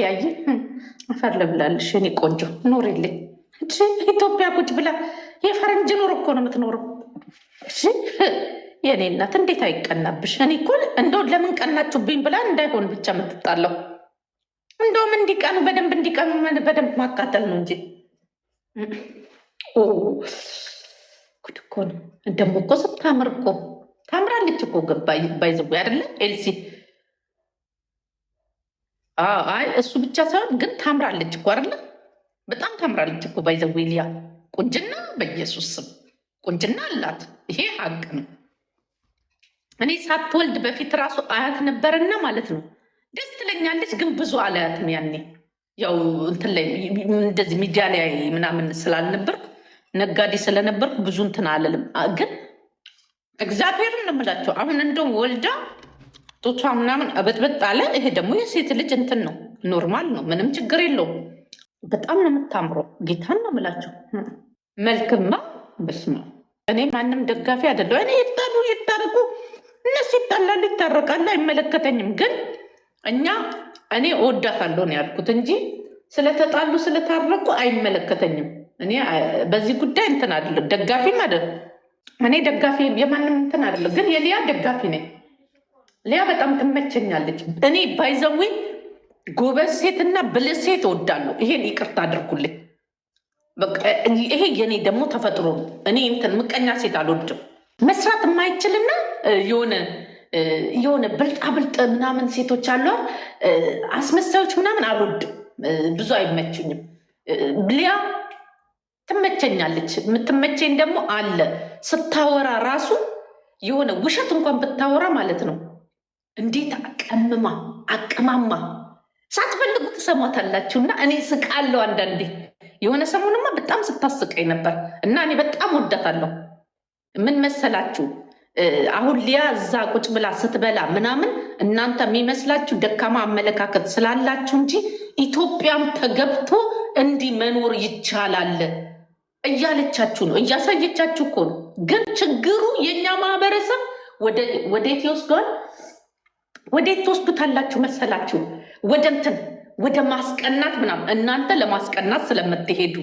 ያየ አፈር ልብላለሽ የእኔ ቆንጆ ኑሪልኝ። እ ኢትዮጵያ ቁጭ ብላ የፈረንጅ ኑሮ እኮ ነው የምትኖረው። እሺ የእኔ እናት እንዴት አይቀናብሽ? እኔ እኮ እንደው ለምን ቀናችሁብኝ ብላ እንዳይሆን ብቻ የምትጣለው እንደውም እንዲቀኑ በደንብ እንዲቀኑ በደንብ ማቃጠል ነው እንጂ ጉድ እኮ ነው። ደግሞ እኮ ስታምር እኮ ታምራለች እኮ ባይዘቡ አይደለ ኤልሲ አይ እሱ ብቻ ሳይሆን ግን ታምራለች እኮ አይደለ? በጣም ታምራለች እኮ ባይዘዌ ሊያ ቁንጅና፣ በኢየሱስ ስም ቁንጅና አላት። ይሄ ሀቅ ነው። እኔ ሳትወልድ በፊት ራሱ አያት ነበረና ማለት ነው። ደስ ትለኛለች፣ ግን ብዙ አላያትም ያኔ ያው እንትን ላይ እንደዚህ ሚዲያ ላይ ምናምን ስላልነበርኩ ነጋዴ ስለነበርኩ ብዙ እንትን አለልም። ግን እግዚአብሔርን ነው አሁን እንደውም ወልዳ ጡቷ ምናምን እብጥብጥ አለ። ይሄ ደግሞ የሴት ልጅ እንትን ነው፣ ኖርማል ነው፣ ምንም ችግር የለውም። በጣም ነው የምታምረው። ጌታን ነው ምላቸው መልክማ በስመ እኔ ማንም ደጋፊ አይደለሁ። እኔ ይጣሉ ይታረቁ፣ እነሱ ይጣላሉ፣ ይታረቃሉ፣ አይመለከተኝም። ግን እኛ እኔ እወዳታለሁ ነው ያልኩት እንጂ ስለተጣሉ ስለታረቁ አይመለከተኝም። እኔ በዚህ ጉዳይ እንትን አይደለም፣ ደጋፊም አይደለም። እኔ ደጋፊ የማንም እንትን አይደለም፣ ግን የሊያ ደጋፊ ነኝ። ሊያ በጣም ትመቸኛለች። እኔ ባይዘዊ ጎበዝ ሴትና ብልህ ሴት እወዳለሁ። ይሄን ይቅርታ አድርጉልኝ። ይሄ የኔ ደግሞ ተፈጥሮ ነው። እኔ እንትን ምቀኛ ሴት አልወድም። መስራት የማይችልና የሆነ የሆነ ብልጣብልጥ ምናምን ሴቶች አሏ፣ አስመሳዮች ምናምን አልወድም፣ ብዙ አይመችኝም። ሊያ ትመቸኛለች። የምትመቸኝ ደግሞ አለ ስታወራ ራሱ የሆነ ውሸት እንኳን ብታወራ ማለት ነው እንዴት አቀምማ አቀማማ ሳትፈልጉ ትሰሟታላችሁ። እና እኔ ስቃለሁ አንዳንዴ። የሆነ ሰሞንማ በጣም ስታስቀኝ ነበር እና እኔ በጣም ወዳታለሁ። ምን መሰላችሁ አሁን ሊያ እዛ ቁጭ ብላ ስትበላ ምናምን እናንተ የሚመስላችሁ ደካማ አመለካከት ስላላችሁ እንጂ ኢትዮጵያም ተገብቶ እንዲህ መኖር ይቻላል እያለቻችሁ ነው፣ እያሳየቻችሁ እኮ ነው። ግን ችግሩ የእኛ ማህበረሰብ ወዴት ይወስደዋል? ወዴት ትወስዱታላችሁ መሰላችሁ? ወደ እንትን ወደ ማስቀናት ምናምን እናንተ ለማስቀናት ስለምትሄዱ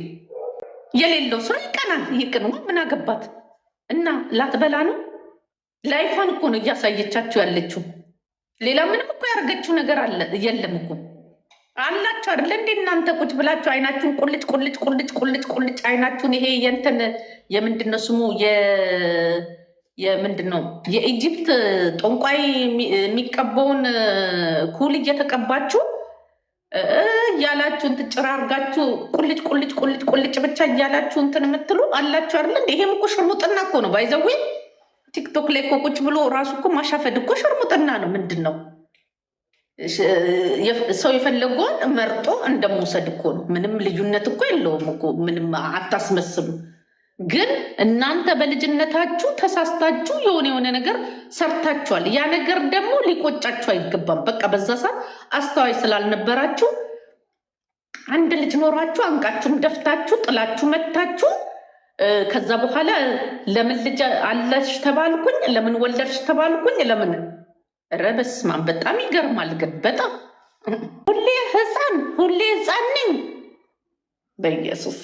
የሌለው ሰው ይቀናል። ይቅን ምን አገባት እና ላትበላ ነው። ላይፏን እኮ ነው እያሳየቻችሁ ያለችው። ሌላ ምንም እኮ ያደረገችው ነገር አለ የለም እኮ አላችሁ አይደለ እንዴ? እናንተ ቁጭ ብላችሁ አይናችሁን ቁልጭ ቁልጭ ቁልጭ ቁልጭ ቁልጭ አይናችሁን ይሄ የንተን የምንድነው ስሙ የምንድን ነው የኢጅፕት ጠንቋይ የሚቀባውን ኩል እየተቀባችሁ እያላችሁ እንትን ጭራ አርጋችሁ ቁልጭ ቁልጭ ቁልጭ ቁልጭ ብቻ እያላችሁ እንትን የምትሉ አላችሁ አይደለ? ይሄም እኮ ሽርሙጥና እኮ ነው። ባይዘዊ ቲክቶክ ላይ እኮ ቁጭ ብሎ ራሱ እኮ ማሻፈድ እኮ ሽርሙጥና ነው። ምንድን ነው ሰው የፈለገውን መርጦ እንደመውሰድ እኮ ነው። ምንም ልዩነት እኮ የለውም እኮ ምንም አታስመስሉ። ግን እናንተ በልጅነታችሁ ተሳስታችሁ የሆነ የሆነ ነገር ሰርታችኋል። ያ ነገር ደግሞ ሊቆጫችሁ አይገባም። በቃ በዛ ሰዓት አስተዋይ ስላልነበራችሁ አንድ ልጅ ኖሯችሁ አንቃችሁም ደፍታችሁ ጥላችሁ መታችሁ። ከዛ በኋላ ለምን ልጅ አለሽ ተባልኩኝ፣ ለምን ወለድሽ ተባልኩኝ፣ ለምን ኧረ በስመ አብ በጣም ይገርማል። ግን በጣም ሁሌ ህፃን ሁሌ ህፃን ነኝ በኢየሱስ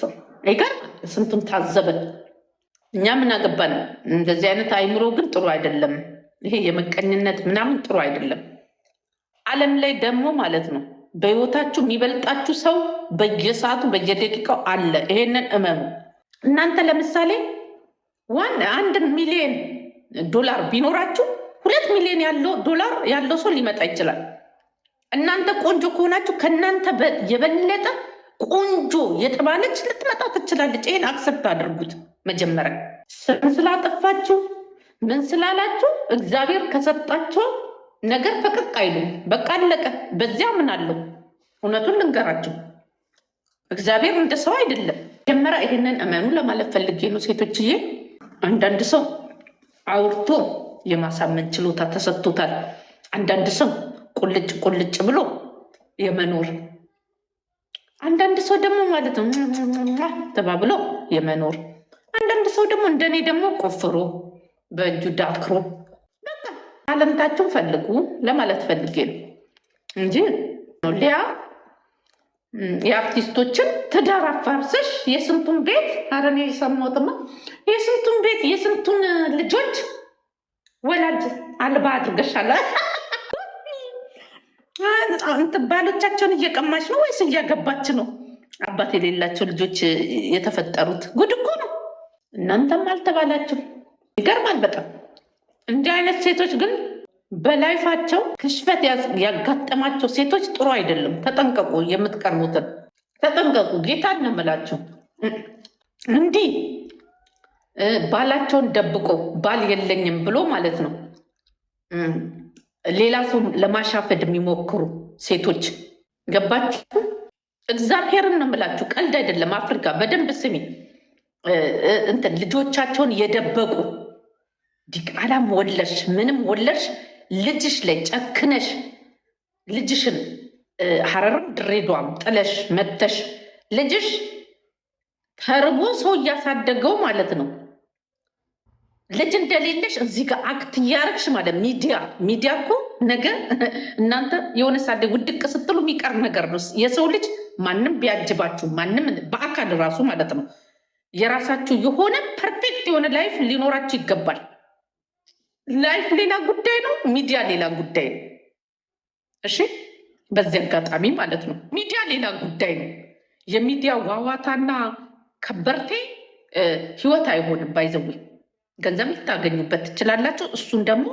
አይቀር ስንቱን ታዘበ። እኛ ምን አገባን? እንደዚህ አይነት አይምሮ ግን ጥሩ አይደለም። ይሄ የመቀኝነት ምናምን ጥሩ አይደለም። ዓለም ላይ ደግሞ ማለት ነው በህይወታችሁ የሚበልጣችሁ ሰው በየሰዓቱ በየደቂቃው አለ። ይሄንን እመኑ። እናንተ ለምሳሌ ዋን አንድ ሚሊዮን ዶላር ቢኖራችሁ ሁለት ሚሊዮን ያለው ዶላር ያለው ሰው ሊመጣ ይችላል። እናንተ ቆንጆ ከሆናችሁ ከእናንተ የበለጠ ቆንጆ የተባለች ልትመጣ ትችላለች። ይሄን አክሰፕት አድርጉት። መጀመሪያ ስም ስላጠፋችሁ ምን ስላላችሁ እግዚአብሔር ከሰጣቸው ነገር ፈቀቅ አይሉም። በቃ አለቀ። በዚያ ምን አለው? እውነቱን ልንገራችሁ እግዚአብሔር እንደ ሰው አይደለም። መጀመሪያ ይህንን እመኑ ለማለት ፈልጌ ነው። ሴቶችዬ፣ አንዳንድ ሰው አውርቶ የማሳመን ችሎታ ተሰጥቶታል። አንዳንድ ሰው ቁልጭ ቁልጭ ብሎ የመኖር አንዳንድ ሰው ደግሞ ማለት ነው ተባብሎ የመኖር አንዳንድ ሰው ደግሞ እንደኔ ደግሞ ቆፍሮ በእጁ ዳክሮ አለምታችሁን ፈልጉ ለማለት ፈልጌ ነው እንጂ ሊያ የአርቲስቶችን ትዳር አፋርሰሽ የስንቱን ቤት ኧረ እኔ የሰማሁትማ የስንቱን ቤት የስንቱን ልጆች ወላጅ አልባ አድርገሻል። አሁን ባሎቻቸውን እየቀማች ነው ወይስ እያገባች ነው? አባት የሌላቸው ልጆች የተፈጠሩት ጉድ እኮ ነው። እናንተም አልተባላችሁ ይገርማል በጣም እንዲህ አይነት ሴቶች ግን በላይፋቸው ክሽፈት ያጋጠማቸው ሴቶች ጥሩ አይደለም። ተጠንቀቁ፣ የምትቀርሙትን ተጠንቀቁ። ጌታ እንምላችሁ እንዲህ ባላቸውን ደብቆ ባል የለኝም ብሎ ማለት ነው ሌላ ሰው ለማሻፈድ የሚሞክሩ ሴቶች ገባችሁ? እግዚአብሔርን ነው የምላችሁ፣ ቀልድ አይደለም። አፍሪካ በደንብ ስሚ። እንትን ልጆቻቸውን የደበቁ ዲቃላም ወለሽ ምንም ወለሽ ልጅሽ ላይ ጨክነሽ ልጅሽን ሀረርም ድሬዷም ጥለሽ መተሽ ልጅሽ ተርቦ ሰው እያሳደገው ማለት ነው ልጅ እንደሌለሽ እዚህ ጋር አክት እያደረግሽ ማለት ሚዲያ ሚዲያ እኮ ነገ እናንተ የሆነ ሳደ ውድቅ ስትሉ የሚቀር ነገር ነው። የሰው ልጅ ማንም ቢያጅባችሁ ማንም በአካል ራሱ ማለት ነው የራሳችሁ የሆነ ፐርፌክት የሆነ ላይፍ ሊኖራችሁ ይገባል። ላይፍ ሌላ ጉዳይ ነው፣ ሚዲያ ሌላ ጉዳይ ነው። እሺ፣ በዚህ አጋጣሚ ማለት ነው ሚዲያ ሌላ ጉዳይ ነው። የሚዲያ ዋዋታና ከበርቴ ህይወት አይሆንም ባይዘዌ ገንዘብ ልታገኙበት ትችላላችሁ። እሱን ደግሞ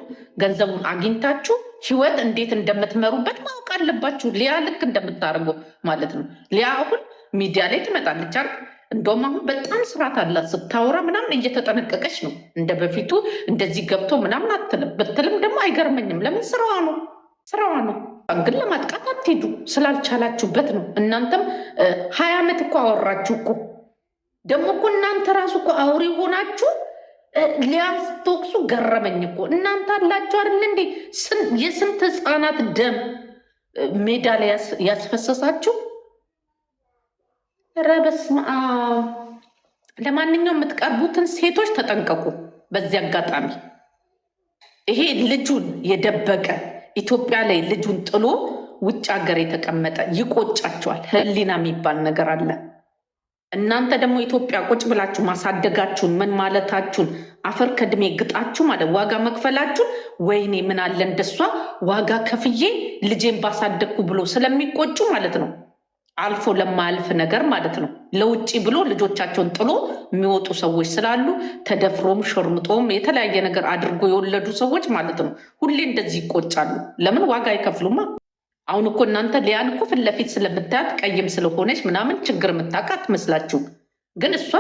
ገንዘቡን አግኝታችሁ ህይወት እንዴት እንደምትመሩበት ማወቅ አለባችሁ። ሊያ ልክ እንደምታደርገው ማለት ነው። ሊያ አሁን ሚዲያ ላይ ትመጣለች አይደል? እንደውም አሁን በጣም ስርዓት አላት። ስታወራ ምናምን እየተጠነቀቀች ነው። እንደ በፊቱ እንደዚህ ገብቶ ምናምን አትልም። ብትልም ደግሞ አይገርመኝም። ለምን? ስራዋ ነው፣ ስራዋ ነው። ግን ለማጥቃት አትሄዱ፣ ስላልቻላችሁበት ነው። እናንተም ሀያ ዓመት እኮ አወራችሁ እኮ ደግሞ እኮ እናንተ ራሱ እኮ አውሪ ሆናችሁ ሊያን ገረመኝ እኮ እናንተ አላችሁ አይደል እንዴ? የስንት ህፃናት ደም ሜዳ ላይ ያስፈሰሳችሁ? ኧረ በስመ አብ። ለማንኛውም የምትቀርቡትን ሴቶች ተጠንቀቁ። በዚህ አጋጣሚ ይሄ ልጁን የደበቀ ኢትዮጵያ ላይ ልጁን ጥሎ ውጭ ሀገር የተቀመጠ ይቆጫቸዋል። ህሊና የሚባል ነገር አለ። እናንተ ደግሞ ኢትዮጵያ ቁጭ ብላችሁ ማሳደጋችሁን ምን ማለታችሁን አፈር ከድሜ ግጣችሁ ማለት ዋጋ መክፈላችሁን፣ ወይኔ ምን አለ እንደሷ ዋጋ ከፍዬ ልጄን ባሳደግኩ ብሎ ስለሚቆጩ ማለት ነው። አልፎ ለማያልፍ ነገር ማለት ነው። ለውጭ ብሎ ልጆቻቸውን ጥሎ የሚወጡ ሰዎች ስላሉ ተደፍሮም ሾርምጦም የተለያየ ነገር አድርጎ የወለዱ ሰዎች ማለት ነው። ሁሌ እንደዚህ ይቆጫሉ። ለምን ዋጋ አይከፍሉማ። አሁን እኮ እናንተ ሊያን እኮ ፊት ለፊት ስለምታያት ቀይም ስለሆነች ምናምን ችግር የምታውቅ ትመስላችሁ ግን እሷ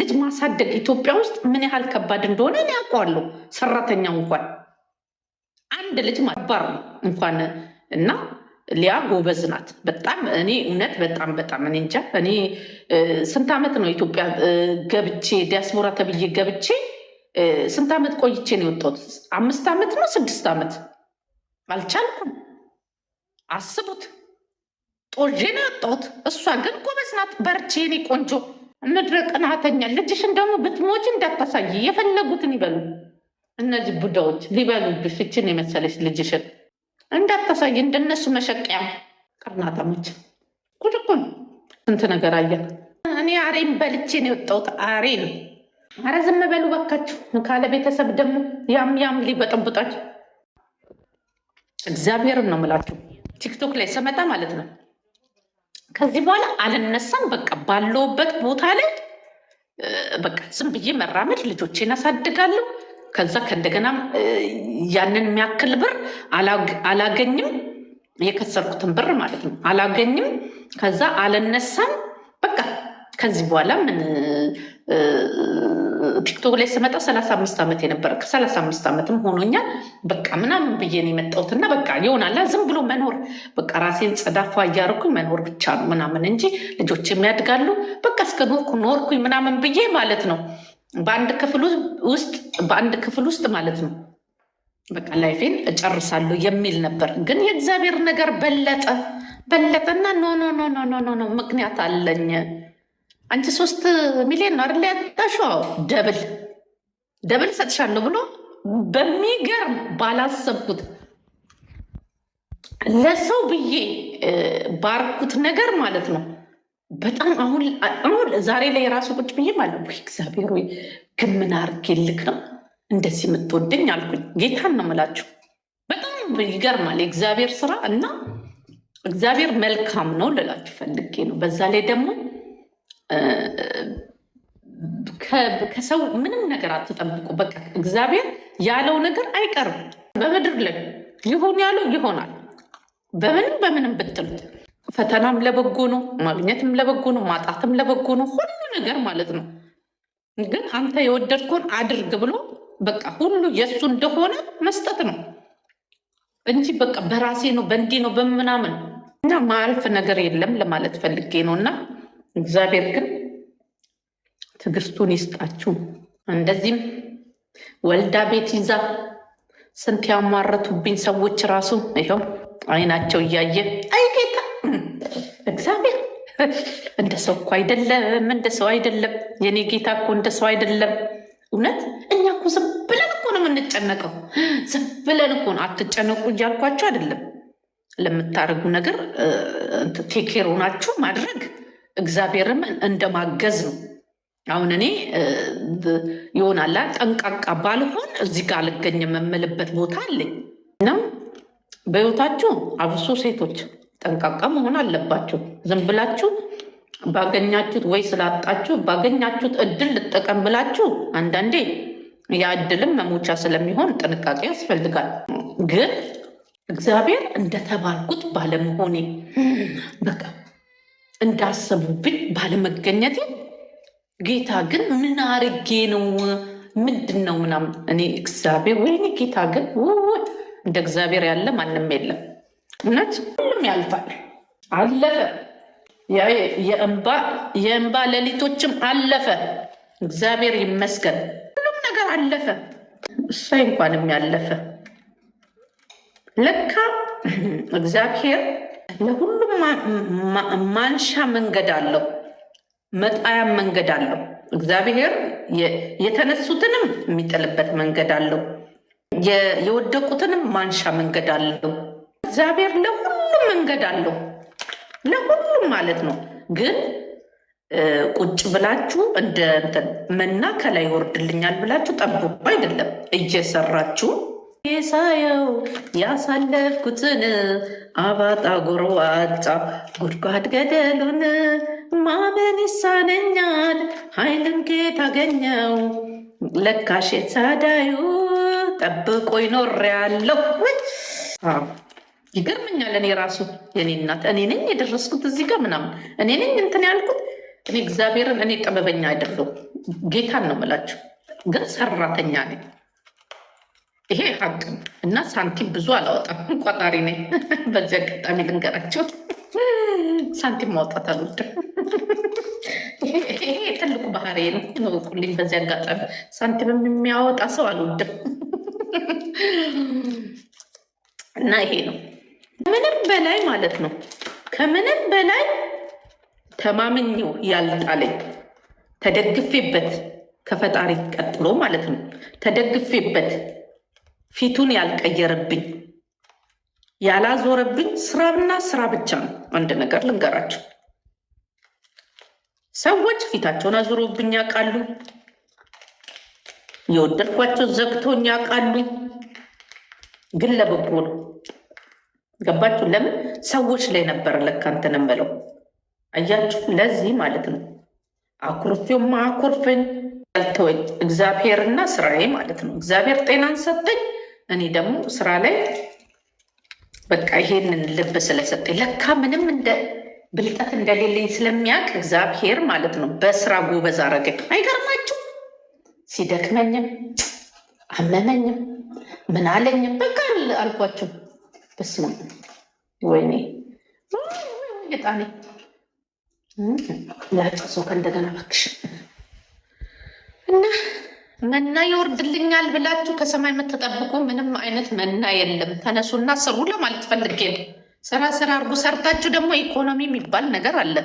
ልጅ ማሳደግ ኢትዮጵያ ውስጥ ምን ያህል ከባድ እንደሆነ እኔ አውቀዋለሁ። ሰራተኛው እንኳን አንድ ልጅ ማባር ነው እንኳን እና ሊያ ጎበዝ ናት በጣም እኔ እውነት በጣም በጣም እኔ እንጃ። እኔ ስንት ዓመት ነው ኢትዮጵያ ገብቼ ዲያስፖራ ተብዬ ገብቼ ስንት ዓመት ቆይቼ ነው የወጣሁት? አምስት ዓመት ነው ስድስት ዓመት አልቻልኩም። አስቡት። ጦዤን አጣሁት። እሷ ግን ጎበዝ ናት። በርቼ እኔ ቆንጆ ምድረ ቅናተኛ ልጅሽን ደግሞ ብትሞች እንዳታሳይ የፈለጉትን ይበሉ እነዚህ ቡዳዎች ሊበሉብሽ ይችን የመሰለች ልጅሽን እንዳታሳይ እንደነሱ መሸቀያ ቅርናታሞች ቁልቁል ስንት ነገር አየን እኔ አሬን በልቼ ነው የወጣሁት አሬ ነው አረ ዝም በሉ በካችሁ። ካለ ቤተሰብ ደግሞ ያም ያም ሊበጠብጣችሁ እግዚአብሔርን ነው የምላችሁ ቲክቶክ ላይ ስመጣ ማለት ነው። ከዚህ በኋላ አልነሳም። በቃ ባለውበት ቦታ ላይ በቃ ዝም ብዬ መራመድ፣ ልጆቼን አሳድጋለሁ። ከዛ ከእንደገና ያንን የሚያክል ብር አላገኝም፣ የከሰርኩትን ብር ማለት ነው አላገኝም። ከዛ አልነሳም። በቃ ከዚህ በኋላ ምን ቲክቶክ ላይ ስመጣ ሰላሳ አምስት ዓመት የነበረ ከሰላሳ አምስት ዓመትም ሆኖኛል። በቃ ምናምን ብዬን ነው የመጣሁትና በቃ ይሆናላ ዝም ብሎ መኖር በቃ ራሴን ጸዳፋ እያደረኩኝ መኖር ብቻ ነው ምናምን እንጂ ልጆች የሚያድጋሉ በቃ እስከ ኖርኩ ኖርኩኝ ምናምን ብዬ ማለት ነው። በአንድ ክፍል ውስጥ በአንድ ክፍል ውስጥ ማለት ነው በቃ ላይፌን እጨርሳለሁ የሚል ነበር። ግን የእግዚአብሔር ነገር በለጠ በለጠና ኖ ኖ ኖ ኖ ኖ ምክንያት አለኝ አንቺ ሶስት ሚሊዮን ነው አይደል ያጣሽው? ደብል ደብል ሰጥሻለሁ ብሎ በሚገርም ባላሰብኩት ለሰው ብዬ ባርኩት ነገር ማለት ነው። በጣም አሁን ዛሬ ላይ የራሱ ቁጭ ብዬ ማለት እግዚአብሔር ወይ ግምና አርጌ ልክ ነው እንደዚህ የምትወደኝ አልኩኝ። ጌታን ነው የምላችሁ። በጣም ይገርማል የእግዚአብሔር ስራ እና እግዚአብሔር መልካም ነው ልላችሁ ፈልጌ ነው። በዛ ላይ ደግሞ ከሰው ምንም ነገር አትጠብቁ። በቃ እግዚአብሔር ያለው ነገር አይቀርም። በምድር ላይ ይሁን ያለው ይሆናል። በምንም በምንም ብትሉት ፈተናም ለበጎ ነው፣ ማግኘትም ለበጎ ነው፣ ማጣትም ለበጎ ነው። ሁሉ ነገር ማለት ነው። ግን አንተ የወደድከውን አድርግ ብሎ በቃ ሁሉ የእሱ እንደሆነ መስጠት ነው እንጂ በቃ በራሴ ነው በእንዲህ ነው በምናምን እና ማያልፍ ነገር የለም ለማለት ፈልጌ ነው እና እግዚአብሔር ግን ትግስቱን ይስጣችሁ። እንደዚህም ወልዳ ቤት ይዛ ስንት ያማረቱብኝ ሰዎች ራሱ ይኸው አይናቸው እያየ አይ ጌታ እግዚአብሔር እንደ ሰው እኮ አይደለም፣ እንደ ሰው አይደለም። የኔ ጌታ እኮ እንደ ሰው አይደለም። እውነት እኛ እኮ ዝም ብለን እኮ ነው የምንጨነቀው። ዝም ብለን እኮ ነው። አትጨነቁ እያልኳቸው አይደለም። ለምታደርጉ ነገር ቴኬሮ ናችሁ ማድረግ እግዚአብሔርም እንደማገዝ ነው። አሁን እኔ ይሆናላ ጠንቃቃ ባልሆን እዚህ ጋር ልገኝ የምምልበት ቦታ አለኝ። እናም በህይወታችሁ አብሶ ሴቶች ጠንቃቃ መሆን አለባችሁ። ዝም ብላችሁ ባገኛችሁት ወይ ስላጣችሁ ባገኛችሁት እድል ልጠቀም ብላችሁ አንዳንዴ ያ እድልም መሞቻ ስለሚሆን ጥንቃቄ ያስፈልጋል። ግን እግዚአብሔር እንደተባልኩት ባለመሆኔ በቃ እንዳሰቡብኝ ባለመገኘቴ ጌታ ግን ምን አርጌ ነው ምንድን ነው ምናምን እኔ እግዚአብሔር ወይኔ ጌታ ግን እንደ እግዚአብሔር ያለ ማንም የለም። እውነት ሁሉም ያልፋል፣ አለፈ። የእንባ ሌሊቶችም አለፈ። እግዚአብሔር ይመስገን፣ ሁሉም ነገር አለፈ። እሳይ እንኳንም ያለፈ ለካ እግዚአብሔር ለሁሉም ማንሻ መንገድ አለው። መጣያም መንገድ አለው። እግዚአብሔር የተነሱትንም የሚጥልበት መንገድ አለው። የወደቁትንም ማንሻ መንገድ አለው። እግዚአብሔር ለሁሉም መንገድ አለው፣ ለሁሉም ማለት ነው። ግን ቁጭ ብላችሁ እንደ መና ከላይ ይወርድልኛል ብላችሁ ጠብቁ አይደለም። እየሰራችሁ የሳየው ያሳለፍኩትን አባጣ ጎርዋጫ ጉድጓድ ገደሉን ማመን ይሳነኛል ኃይልን ከየት አገኘው? ለካሽ የተሳዳዩ ጠብቆ ይኖር ያለው ይገርመኛል። እኔ ራሱ የኔ እናት እኔ ነኝ የደረስኩት እዚህ ጋር ምናምን እኔ ነኝ እንትን ያልኩት እኔ እግዚአብሔርን እኔ ጥበበኛ አይደለሁም፣ ጌታን ነው የምላችሁ፣ ግን ሰራተኛ ነኝ። ይሄ ሀቅ እና ሳንቲም ብዙ አላወጣም፣ ቆጣሪ ነኝ። በዚህ አጋጣሚ ልንገራቸው ሳንቲም ማውጣት አልወድም። ይሄ ትልቁ ባህሪ ነው። ሁሌም በዚህ አጋጣሚ ሳንቲምም የሚያወጣ ሰው አልወድም እና ይሄ ነው ከምንም በላይ ማለት ነው። ከምንም በላይ ተማምኜው ያልጣለኝ ተደግፌበት ከፈጣሪ ቀጥሎ ማለት ነው ተደግፌበት ፊቱን ያልቀየረብኝ ያላዞረብኝ ስራና ስራ ብቻ ነው። አንድ ነገር ልንገራቸው ሰዎች ፊታቸውን አዙሮብኝ ያውቃሉ። የወደድኳቸው ዘግቶኝ ያውቃሉ። ግን ለበጎ ነው። ገባችሁ? ለምን ሰዎች ላይ ነበር ለካ እንትን እምለው አያችሁ። ለዚህ ማለት ነው አኩርፌውም አኩርፍኝ ያልተወኝ እግዚአብሔርና ስራዬ ማለት ነው። እግዚአብሔር ጤናን ሰጠኝ። እኔ ደግሞ ስራ ላይ በቃ ይሄንን ልብ ስለሰጠኝ ለካ ምንም እንደ ብልጠት እንደሌለኝ ስለሚያውቅ እግዚአብሔር ማለት ነው በስራ ጎበዝ አረገኝ። አይገርማችሁ ሲደክመኝም አመመኝም ምን አለኝም በቃ አልኳችሁ። በስመ አብ ወይኔ ጣኔ ለጥሶ ከእንደገና እባክሽ እና መና ይወርድልኛል ብላችሁ ከሰማይ የምትጠብቁ ምንም አይነት መና የለም። ተነሱና ስሩ ለማለት ፈልጌ ነው። ስራ ስራ አርጎ ሰርታችሁ ደግሞ ኢኮኖሚ የሚባል ነገር አለ።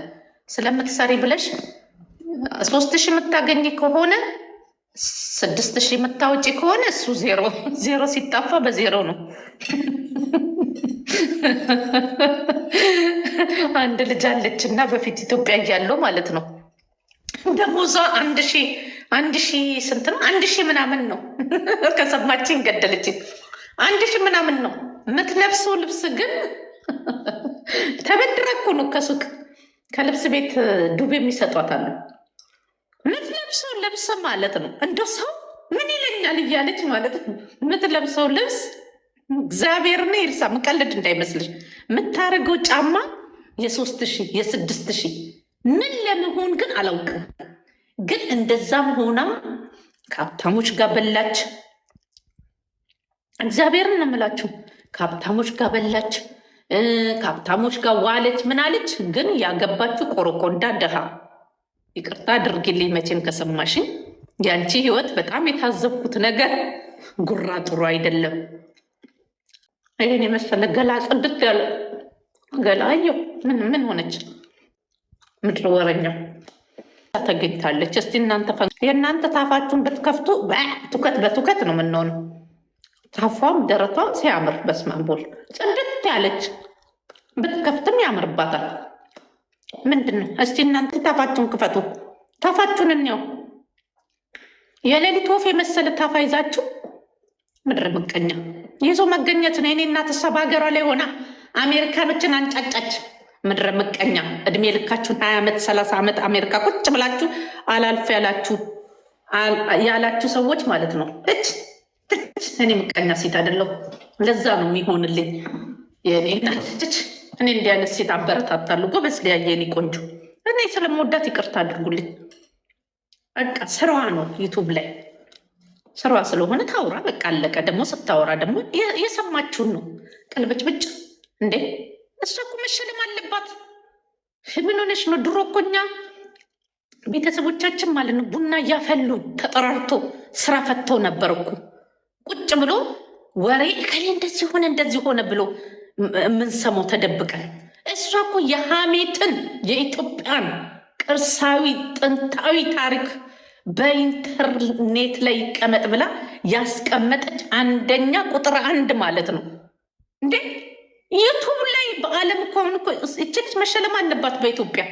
ስለምትሰሪ ብለሽ ሶስት ሺህ የምታገኝ ከሆነ ስድስት ሺህ የምታወጪ ከሆነ እሱ ዜሮ ዜሮ ሲጣፋ በዜሮ ነው። አንድ ልጅ አለች እና በፊት ኢትዮጵያ እያለው ማለት ነው ደግሞ እዛ አንድ ሺ አንድ ሺ ስንት ነው? አንድ ሺ ምናምን ነው። ከሰማችን ገደለችን። አንድ ሺ ምናምን ነው የምትለብሰው ልብስ ግን ተበድራ እኮ ነው ከሱቅ ከልብስ ቤት ዱቤ የሚሰጧታል። ምትለብሰው ልብስ ማለት ነው እንደ ሰው ምን ይለኛል እያለች ማለት ነው የምትለብሰው ልብስ እግዚአብሔርና ይርሳ። ምቀልድ እንዳይመስልሽ የምታደርገው ጫማ የሶስት ሺህ የስድስት ሺህ ምን ለመሆን ግን አላውቅም። ግን እንደዛም ሆና ከሀብታሞች ጋር በላች። እግዚአብሔርን እምላችሁ ከሀብታሞች ጋር በላች። ከሀብታሞች ጋር ዋለች ምናለች። ግን ያገባችው ቆረቆንዳ ደሃ ይቅርታ አድርጊልኝ መቼም ከሰማሽኝ ያንቺ ህይወት በጣም የታዘብኩት ነገር ጉራ ጥሩ አይደለም። ይህን የመሰለ ገላ ጽድት ያለ ገላ አየሁ። ምን ምን ሆነች? ምድር ወረኛው ተገኝታለች። እስቲ እናንተ የእናንተ ታፋችሁን ብትከፍቱ ትውከት በትውከት ነው የምንሆነው። ታፏም ደረቷም ሲያምር በስማንቦል ጽድት ያለች ብትከፍትም ያምርባታል። ምንድን ነው እስቲ እናንተ ታፋችሁን ክፈቱ፣ ታፋችሁን እንየው። የሌሊት ወፍ የመሰለ ታፋ ይዛችሁ ምድር ምቀኛ ይዞ መገኘት ነው። የኔ እናት እሷ በሀገሯ ላይ ሆና አሜሪካኖችን አንጫጫች። ምድረ ምቀኛ እድሜ ልካችሁን ሀያ ዓመት ሰላሳ ዓመት አሜሪካ ቁጭ ብላችሁ አላልፍ ያላችሁ ያላችሁ ሰዎች ማለት ነው እች እኔ ምቀኛ ሴት አይደለሁ። ለዛ ነው የሚሆንልኝ። ች እኔ እንዲህ አይነት ሴት አበረታታለሁ። ጎበዝ ሊያየ እኔ ቆንጆ እኔ ስለምወዳት ይቅርታ አድርጉልኝ። በቃ ስራዋ ነው ዩቱብ ላይ ስራዋ ስለሆነ ታውራ በቃ አለቀ። ደግሞ ስታወራ ደግሞ የሰማችሁን ነው ቀልበች ብጭ እንዴ እሷ እኮ መሸለም አለባት። ምን ሆነሽ ነው? ድሮ እኮ እኛ ቤተሰቦቻችን ማለት ነው ቡና እያፈሉ ተጠራርቶ ስራ ፈተው ነበር እኮ ቁጭ ብሎ ወሬ እከሌ እንደዚህ ሆነ እንደዚህ ሆነ ብሎ የምንሰማው ተደብቀን፣ እሷ እኮ የሀሜትን የኢትዮጵያን ቅርሳዊ ጥንታዊ ታሪክ በኢንተርኔት ላይ ይቀመጥ ብላ ያስቀመጠች አንደኛ ቁጥር አንድ ማለት ነው እንዴ! ዩቱብ ላይ በዓለም እኮ አሁን እኮ ልጅ መሸለም አለባት። በኢትዮጵያ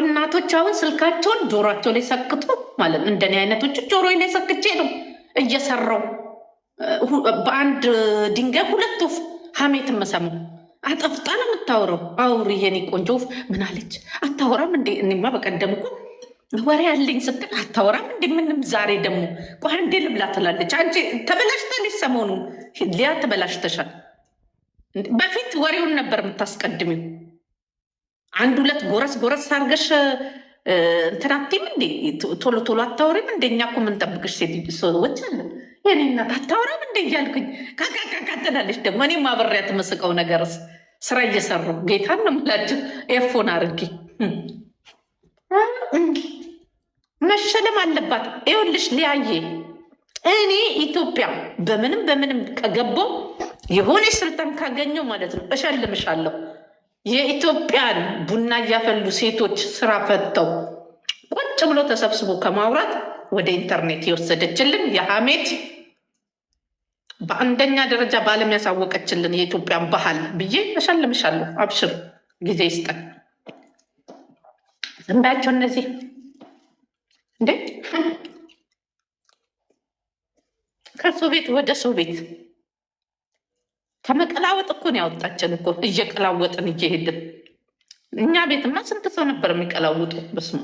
እናቶች አሁን ስልካቸውን ጆሯቸው ላይ ሰክቶ ማለት እንደኔ አይነቶች ጆሮ ላይ ሰክቼ ነው እየሰራው በአንድ ድንጋይ ሁለት ወፍ ሀሜት የምሰማው አጠፍጣ ነው የምታወራው። አውሪ የኔ ቆንጆ ወፍ ምን አለች? አታወራም እንዴ? እኔማ በቀደም እኮ ወሬ ያለኝ ስትል አታወራም እንዴ? ምንም ዛሬ ደግሞ ቆይ አንዴ ልብላ ትላለች። አንቺ ተበላሽታለች፣ ሰሞኑ ሊያ ተበላሽተሻል። በፊት ወሬውን ነበር የምታስቀድሚው። አንድ ሁለት ጎረስ ጎረስ አድርገሽ እንትናቴም እንዴ ቶሎ ቶሎ አታወሪም እንደኛ እኮ የምንጠብቅሽ ሴት ሰዎች አለን። እኔ እናት አታወራም እንደ እያልኩኝ ካቃቃቃጥላለች። ደግሞ እኔም አብሬያት የምስቀው ነገርስ ስራ እየሰሩ ጌታን ነው የምላቸው። ኤፎን አድርጌ መሸለም አለባት። ይኸውልሽ ሊያየ እኔ ኢትዮጵያ በምንም በምንም ከገባው የሆነ ስልጣን ካገኘው ማለት ነው እሸልምሻለሁ። የኢትዮጵያን ቡና እያፈሉ ሴቶች ስራ ፈተው ቁጭ ብሎ ተሰብስቦ ከማውራት ወደ ኢንተርኔት የወሰደችልን የሀሜት በአንደኛ ደረጃ በዓለም ያሳወቀችልን የኢትዮጵያን ባህል ብዬ እሸልምሻለሁ። አብሽር ጊዜ ይስጠን። ዝም በያቸው እነዚህ እንዴ ከሱ ቤት ወደ ሰው ቤት ከመቀላወጥ እኮን ያወጣችን እኮ እየቀላወጥን እየሄድን እኛ ቤትማ ስንት ሰው ነበር የሚቀላውጡ? በስመ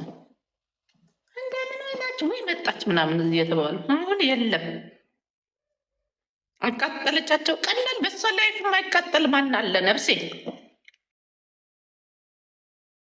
መጣች ምናምን እዚህ የተባሉ ምን የለም። አቃጠለቻቸው። ቀላል በሷ ላይፍ የማይቃጠል ማን አለ ነፍሴ